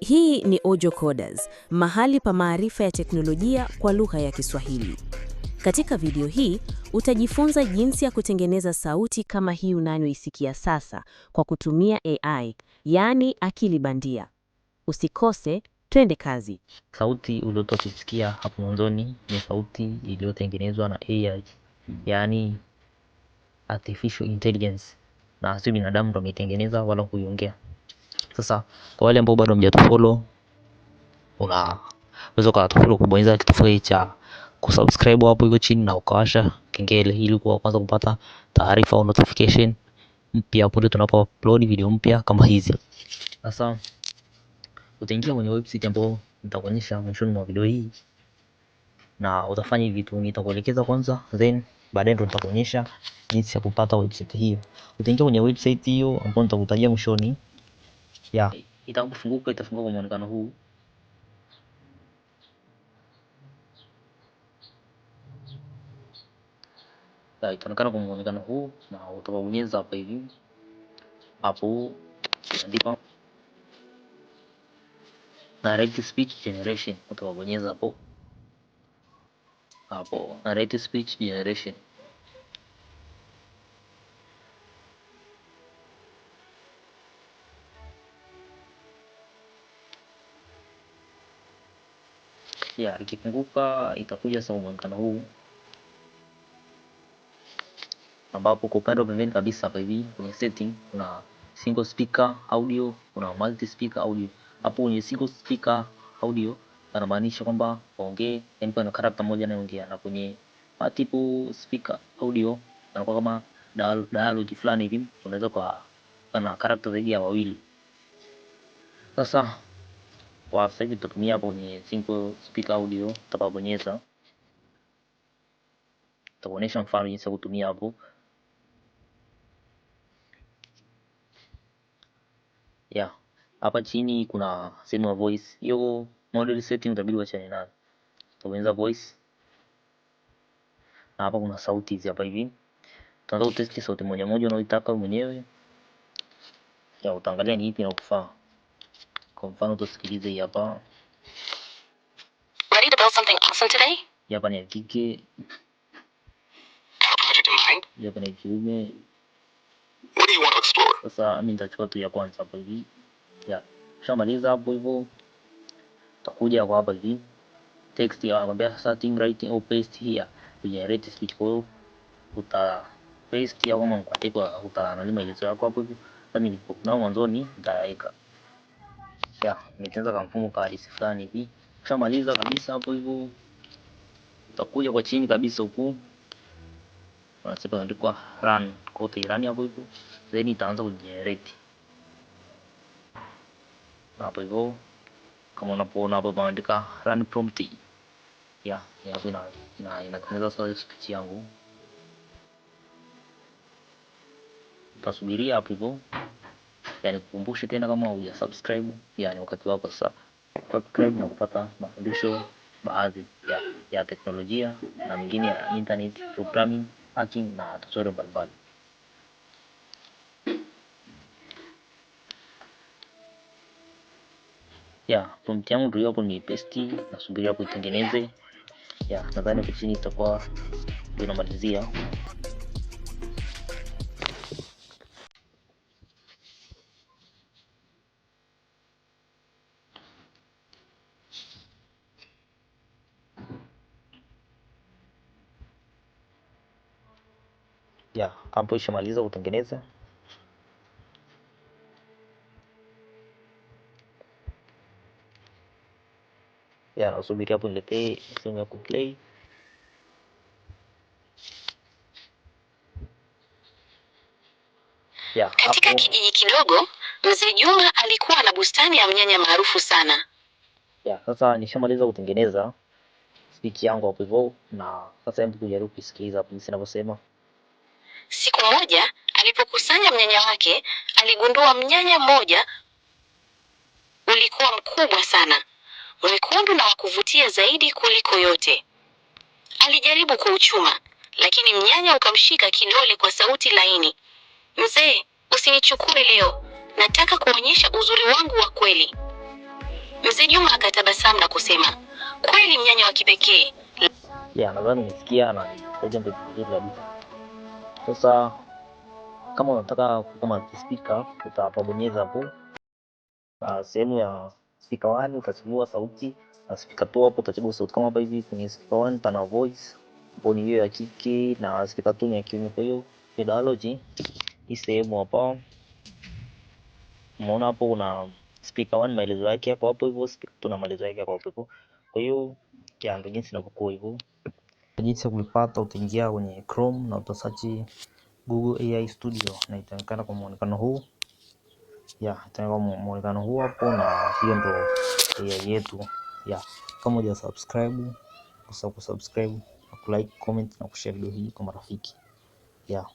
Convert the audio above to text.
Hii ni Ojo Coders, mahali pa maarifa ya teknolojia kwa lugha ya Kiswahili. Katika video hii utajifunza jinsi ya kutengeneza sauti kama hii unayoisikia sasa kwa kutumia AI, yaani akili bandia. Usikose, twende kazi. Sauti uliotokisikia hapo mwanzoni ni sauti iliyotengenezwa na AI, yaani artificial intelligence, na si binadamu ndo ameitengeneza wala kuiongea. Sasa kwa wale ambao bado hamjatufollow unaweza ukatufollow kubonyeza kitufe cha kusubscribe hapo hiyo chini na ukawasha kengele ili kuwa kwanza kupata taarifa au notification mpya punde tunapo upload video mpya kama hizi. Sasa utaingia kwenye website ambayo nitakuonyesha mwishoni mwa video hii na utafanya hivi tu, nitakuelekeza kwanza, then baadaye ndo nitakuonyesha jinsi ya kupata website hiyo. Utaingia kwenye website hiyo ambayo nitakutajia mwishoni ya itakapo itafunguka kwa muonekano huu ya, itaonekana kwa muonekano huu na utakabonyeza hapa hivi hapo andika Narrative speech generation utabonyeza hapo hapo, narrative speech generation ya ikipunguka itakuja sawa mwonekano huu, ambapo kwa upande wa pembeni kabisa hapa hivi kwenye setting kuna single speaker audio, kuna multi speaker audio. Hapo kwenye single speaker audio anamaanisha kwamba waongee, yani kuna character moja anayeongea, na kwenye multiple speaker audio anakuwa kama dialogue fulani hivi, unaweza kwa ana character zaidi ya wawili sasa kwa sasa hivi tutumia hapo kwenye single speaker audio, tutabonyeza tutakuonyesha mfano jinsi ya kutumia hapo. Ya hapa chini kuna sehemu ya voice, hiyo model setting utabidi uachane nayo, utabonyeza voice na hapa kuna sauti hizi hapa hivi utaanza utesti sauti moja moja unaoitaka mwenyewe, ya utaangalia ni ipi inakufaa. Kwa mfano tusikilize yapa Ready to build something awesome today? yapa ni kike. yapa ni kiume. What do you want to explore? Sasa mimi nitachukua tu ya kwanza hapo hivi. Ya. Shamaliza hapo hivyo. Takuja kwa hapa hivi. Text ya anakuambia sasa think writing or paste here. Generate speech kwa uta paste ya kama mkatiko uta analimaelezo yako hapo hivi. Sasa mimi nilipokuwa mwanzoni nitaweka ya nitenza ka mfumo kwa hadithi fulani hivi. Ukishamaliza kabisa hapo hivyo, utakuja kwa chini kabisa huku unasema andikwa run kote run hapo hivyo, then itaanza kujenerate hapo hivyo, kama unapoona hapo pameandika run prompt ya hapo ina ina inatengeneza sasa speech yangu, tasubiria hapo hivyo yani kukumbushe tena kama huja subscribe, yani wakati wako sasa subscribe na kupata mafundisho baadhi ya, ya teknolojia na mingine ya internet programming, hacking na tutorial mbalimbali. Ya prompt yangu ndio hapo ni nasubiria kuitengeneze. Ya nadhani kwa chini itakuwa inamalizia. ya hapo ishamaliza kutengeneza ya nasubiri hapo niletee sehemu ya kuplay ya, katika kijiji kidogo mzee Juma alikuwa na bustani ya mnyanya maarufu sana. Ya, sasa nishamaliza kutengeneza spiki yangu hapo hivyo, na sasa hebu kujaribu kuisikiliza hapo jinsi inavyosema. Siku moja alipokusanya mnyanya wake, aligundua mnyanya mmoja ulikuwa mkubwa sana, mwekundu na wa kuvutia zaidi kuliko yote. Alijaribu kuuchuma, lakini mnyanya ukamshika kidole kwa sauti laini. Mzee, usinichukue leo, nataka kuonyesha uzuri wangu wa kweli. Mzee Juma akatabasamu na kusema, kweli mnyanya wa kipekee. Yeah, nadhani nisikia na sasa kama unataka kama speaker utapabonyeza hapo na sehemu ya speaker 1 utachagua sauti na speaker 2 hapo utachagua sauti kama hapa hivi. Kwenye speaker 1 pana voice hapo ni hiyo ya kike na speaker 2 ni ya kiume. Kwa hiyo pedology hii sehemu hapa umeona hapo una speaker 1 maelezo yake hapo hapo hivyo, speaker 2 na maelezo yake hapo hapo. Kwa hiyo kiangalia jinsi inavyokuwa hivyo. Jinsi ya kuipata utaingia kwenye Chrome na utasachi Google AI Studio na itaonekana kwa muonekano huu ya itaonekana kwa muonekano huu hapo, na hiyo ndo AI yetu ya. Kama subscribe, usahau kusubscribe na kulike, comment na kushare video hii kwa marafiki ya.